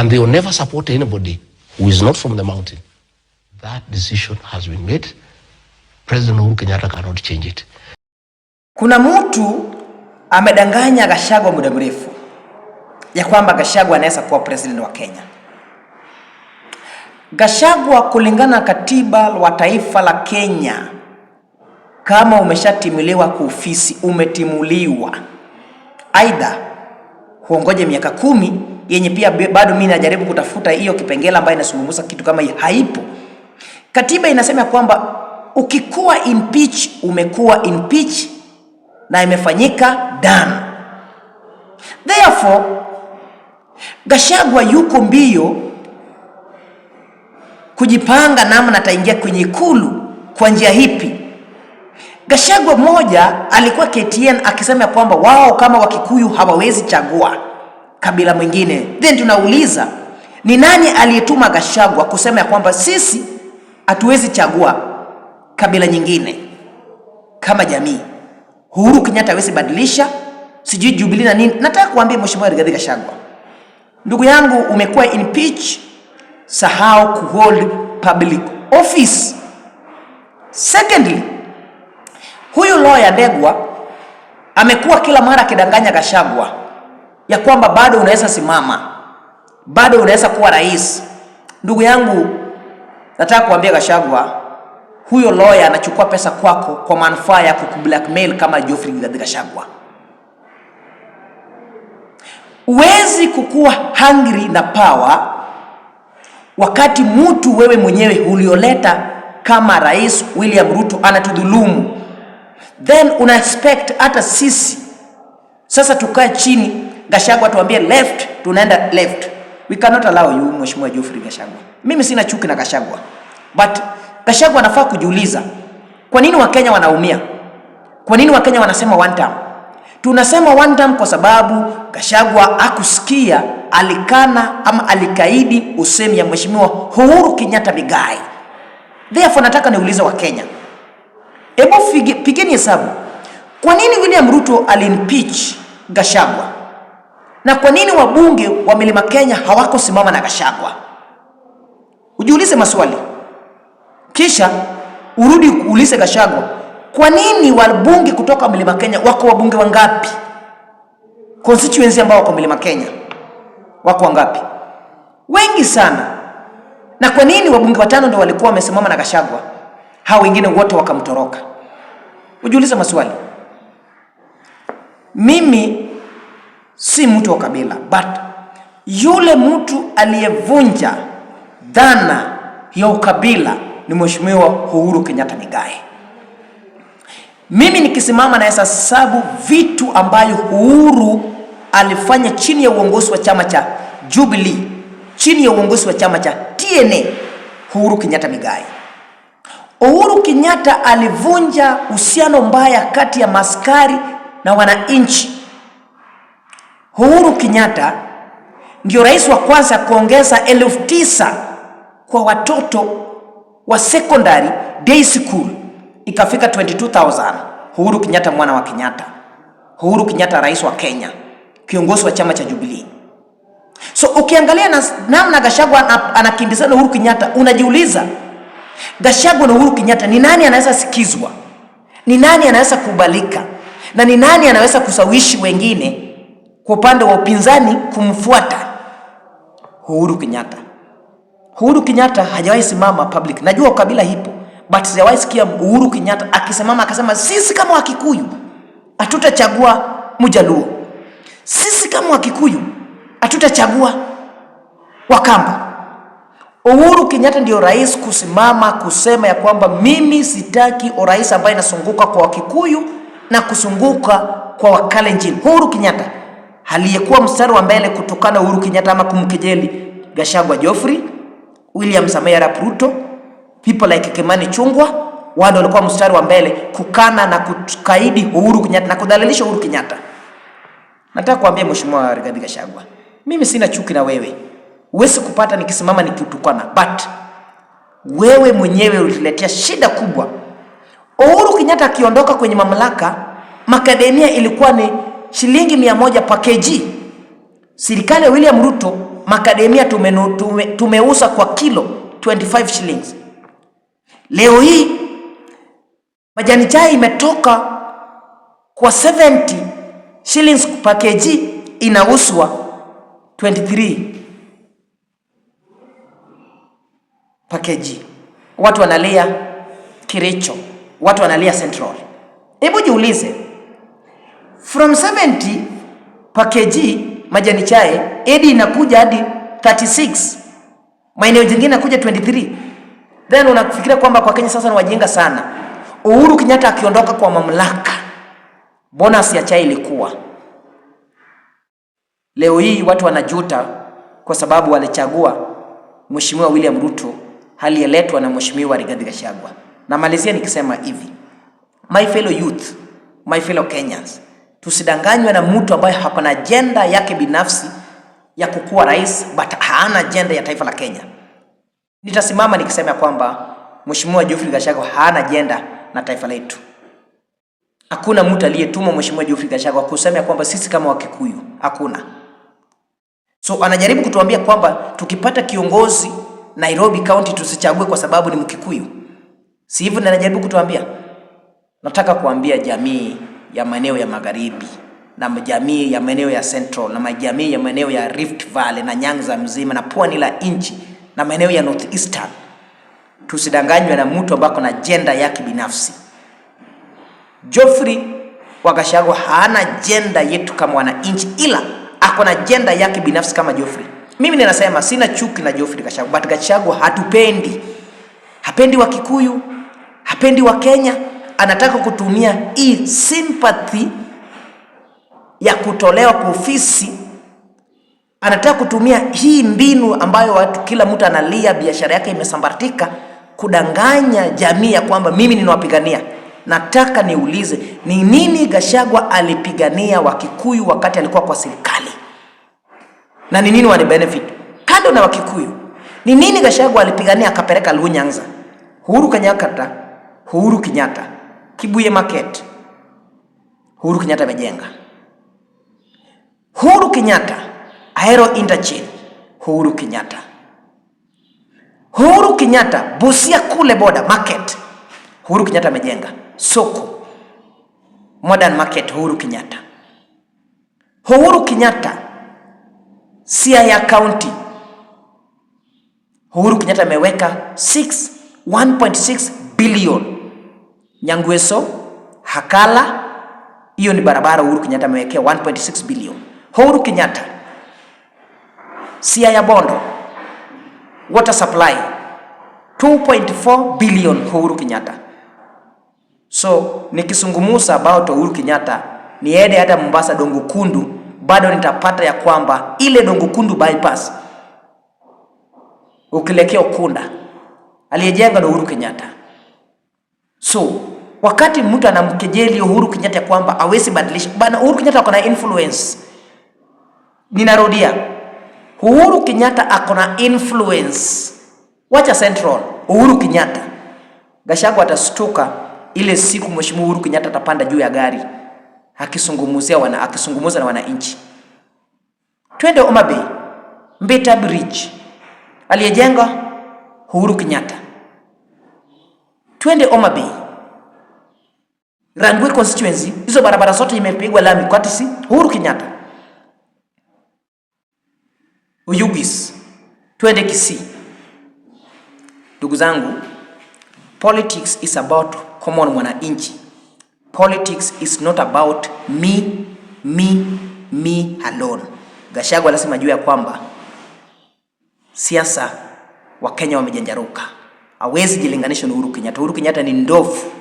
and they will never support anybody who is not from the mountain. That decision has been made. President Uhuru Kenyatta cannot change it. Kuna mtu amedanganya Gashagwa muda mrefu ya kwamba Gashagwa anaweza kuwa president wa Kenya. Gashagwa, kulingana na katiba wa taifa la Kenya, kama umeshatimuliwa kuofisi, umetimuliwa aidha huongoje miaka kumi yenye pia bado mimi najaribu kutafuta hiyo kipengele ambayo inazungumza kitu kama hii haipo. Katiba inasema kwamba ukikuwa impeach umekuwa impeach na imefanyika done. Therefore, Gashagwa yuko mbio kujipanga namna ataingia kwenye ikulu kwa njia hipi Gashagwa mmoja alikuwa KTN akisema kwamba wao kama Wakikuyu hawawezi chagua kabila mwingine, then tunauliza ni nani aliyetuma gashagwa kusema ya kwamba sisi hatuwezi chagua kabila nyingine kama jamii? Uhuru Kenyatta hawezi badilisha, sijui Jubilee na nini. Nataka kuambia Mheshimiwa Rigathi Gashagwa, ndugu yangu, umekuwa pitch, sahau kuhold public office. Secondly, Huyu Lawyer Ndegwa amekuwa kila mara akidanganya Gachagua ya kwamba bado unaweza simama, bado unaweza kuwa rais. Ndugu yangu, nataka kuambia Gachagua, huyo lawyer anachukua pesa kwako kwa manufaa ya kukublackmail kama Geoffrey Githathi Gachagua. Huwezi kukuwa hungry na power wakati mtu wewe mwenyewe ulioleta kama Rais William Ruto anatudhulumu then una expect hata sisi sasa tukae chini, Gashagwa tuambie left, tunaenda left. We cannot allow you, Mheshimiwa Geoffrey Gashagwa. Mimi sina chuki na Gashagwa, but Gashagwa anafaa kujiuliza kwa nini Wakenya wanaumia, kwa nini Wakenya wanasema one time Tunasema one time kwa sababu Gashagwa akusikia, alikana ama alikaidi usemi ya Mheshimiwa Uhuru Kenyatta Migai. Therefore nataka niulize Wakenya Hebu pigeni hesabu, kwa nini William Ruto alimpeach Gashagwa na kwa nini wabunge wa Mlima Kenya hawako simama na Gashagwa? Ujiulize maswali, kisha urudi kuulize Gashagwa, kwa nini wabunge kutoka Mlima Kenya? Wako wabunge wangapi constituency ambao wako Mlima Kenya? Wako wangapi? Wengi sana. Na kwa nini wabunge watano ndio walikuwa wamesimama na Gashagwa, hao wengine wote wakamtoroka? Ujiulize maswali. Mimi si mtu wa kabila, but yule mtu aliyevunja dhana ya ukabila ni Mheshimiwa Uhuru Kenyatta Migai. Mimi nikisimama na hesabu vitu ambayo Uhuru alifanya chini ya uongozi wa chama cha Jubilee, chini ya uongozi wa chama cha TNA, Uhuru Kenyatta Migai Uhuru Kenyatta alivunja uhusiano mbaya kati ya maskari na wananchi. Uhuru Kenyatta ndio rais wa kwanza kuongeza elfu tisa kwa watoto wa secondary day school ikafika 22000. Uhuru Kenyatta mwana wa Kenyatta. Uhuru Kenyatta rais wa Kenya, kiongozi wa chama cha Jubilee. So ukiangalia namna Gashagwa anakimbizana Uhuru Kenyatta, unajiuliza Gachagua na Uhuru Kenyatta, ni nani anaweza sikizwa? Ni nani anaweza kubalika? Na ni nani anaweza kusawishi wengine kwa upande wa upinzani kumfuata Uhuru Kenyatta? Uhuru Kenyatta hajawahi simama public. Najua kabila hipo, but sijawahi sikia Uhuru Kenyatta akisimama akasema sisi kama Wakikuyu hatutachagua Mjaluo, sisi kama Wakikuyu hatutachagua Wakamba. Uhuru Kenyatta ndio rais kusimama kusema ya kwamba mimi sitaki urais ambaye inasunguka kwa Wakikuyu na kusunguka kwa Wakalenjin. Uhuru Kenyatta aliyekuwa mstari wa mbele kutokana Uhuru Kenyatta ama kumkejeli Gashagwa Geoffrey, William Samoei Arap Ruto, people like Kimani Chungwa, wale walikuwa mstari wa mbele kukana na kukaidi Uhuru Kenyatta na kudhalilisha Uhuru Kenyatta. Nataka kuambia Mheshimiwa Rigathi Gashagwa, mimi sina chuki na wewe Huwezi kupata nikisimama nikiutukana, but wewe mwenyewe uliletea shida kubwa. Uhuru Kenyatta akiondoka kwenye mamlaka, makademia ilikuwa ni shilingi mia moja kwa kg. Serikali ya William Ruto makademia tumeuza tume, tume kwa kilo 25 shillings. Leo hii majani chai imetoka kwa 70 shillings per kg inauzwa 23 pakeji, watu wanalia Kiricho, watu wanalia Central. Hebu jiulize, from 70 pakeji majani chai edi inakuja hadi 36, maeneo jingine inakuja 23, then unafikiria kwamba kwa Kenya sasa ni wajinga sana. Uhuru Kenyatta akiondoka kwa mamlaka, bonus ya chai ilikuwa Leo hii watu wanajuta kwa sababu walichagua Mheshimiwa William Ruto aliyeletwa na Mheshimiwa Rigathi Gachagua. Namalizia nikisema hivi, my fellow youth, my fellow Kenyans, tusidanganywe na mtu ambaye hapana ajenda yake binafsi ya kukuwa rais, but haana ajenda ya taifa la Kenya. Nitasimama nikisema kwamba Mheshimiwa Geoffrey Gachagua haana ajenda na taifa letu. Hakuna mtu aliyetuma Mheshimiwa Geoffrey Gachagua kusema kwamba sisi kama Wakikuyu, hakuna. So anajaribu kutuambia kwamba tukipata kiongozi Nairobi County tusichague kwa sababu ni Mkikuyu. Si hivyo najaribu kutuambia? Nataka kuambia jamii ya maeneo ya magharibi na jamii ya maeneo ya Central na majamii ya maeneo ya Rift Valley na Nyanza mzima na pwani la nchi na maeneo ya Northeastern, tusidanganywe na mtu ambako na jenda yake binafsi. Geoffrey Wagashago haana jenda yetu kama wananchi, ila ako na jenda yake binafsi kama Geoffrey mimi ninasema sina chuki na Geoffrey Gachagua, but Gachagua hatupendi, hapendi wa Kikuyu, hapendi wa Kenya. Anataka kutumia hii sympathy ya kutolewa kwa ofisi, anataka kutumia hii mbinu ambayo watu kila mtu analia biashara yake imesambaratika, kudanganya jamii ya kwamba mimi ninawapigania. Nataka niulize ni nini Gachagua alipigania Wakikuyu wakati alikuwa kwa serikali? na ni nini wani benefit kado na Wakikuyu. Ni nini Gachagua alipigania akapeleka Lunyanza? huru kanyakata huru kinyata Kibuye Market, huru kinyata amejenga. huru kinyata Ahero interchange, huru kinyata huru kinyata Busia kule boda market, huru kinyata amejenga soko modern market, huru kinyata huru kinyata ya kaunti Uhuru Kenyatta ameweka 6 1.6 billion Nyangweso Hakala, hiyo ni barabara Uhuru Kenyatta amewekea 1.6 billion. Uhuru Kenyatta ya Bondo water supply 2.4 billion Uhuru Kenyatta. So nikisungumusa about Uhuru Kenyatta niende hata Mombasa Dongo Kundu bado nitapata ya kwamba ile Dongokundu bypass ukielekea Ukunda aliyejenga na Uhuru Kenyatta. So wakati mtu anamkejeli Uhuru Kenyatta kwamba awezi badilisha bana, Uhuru Kenyatta ako na influence. Ninarudia, Uhuru Kenyatta ako na influence, wacha Central. Uhuru Kenyatta gashangu atastuka ile siku mheshimiwa Uhuru Kenyatta atapanda juu ya gari akizungumzia wana akizungumza na wananchi. Twende Homa Bay, Mbita Bridge aliyejenga Uhuru Kenyatta. Twende Homa Bay, Rangwe constituency, hizo barabara zote imepigwa lami kwa tisi Uhuru Kenyatta. Uyugis, twende Kisii. Ndugu zangu, politics is about common mwananchi. Politics is not about me, me, me alone. Gachagua anasema juu ya kwamba siasa Wakenya wamejanjaruka, hawezi jilinganisha na Uhuru Kenyatta. Uhuru Kenyatta ni ndovu.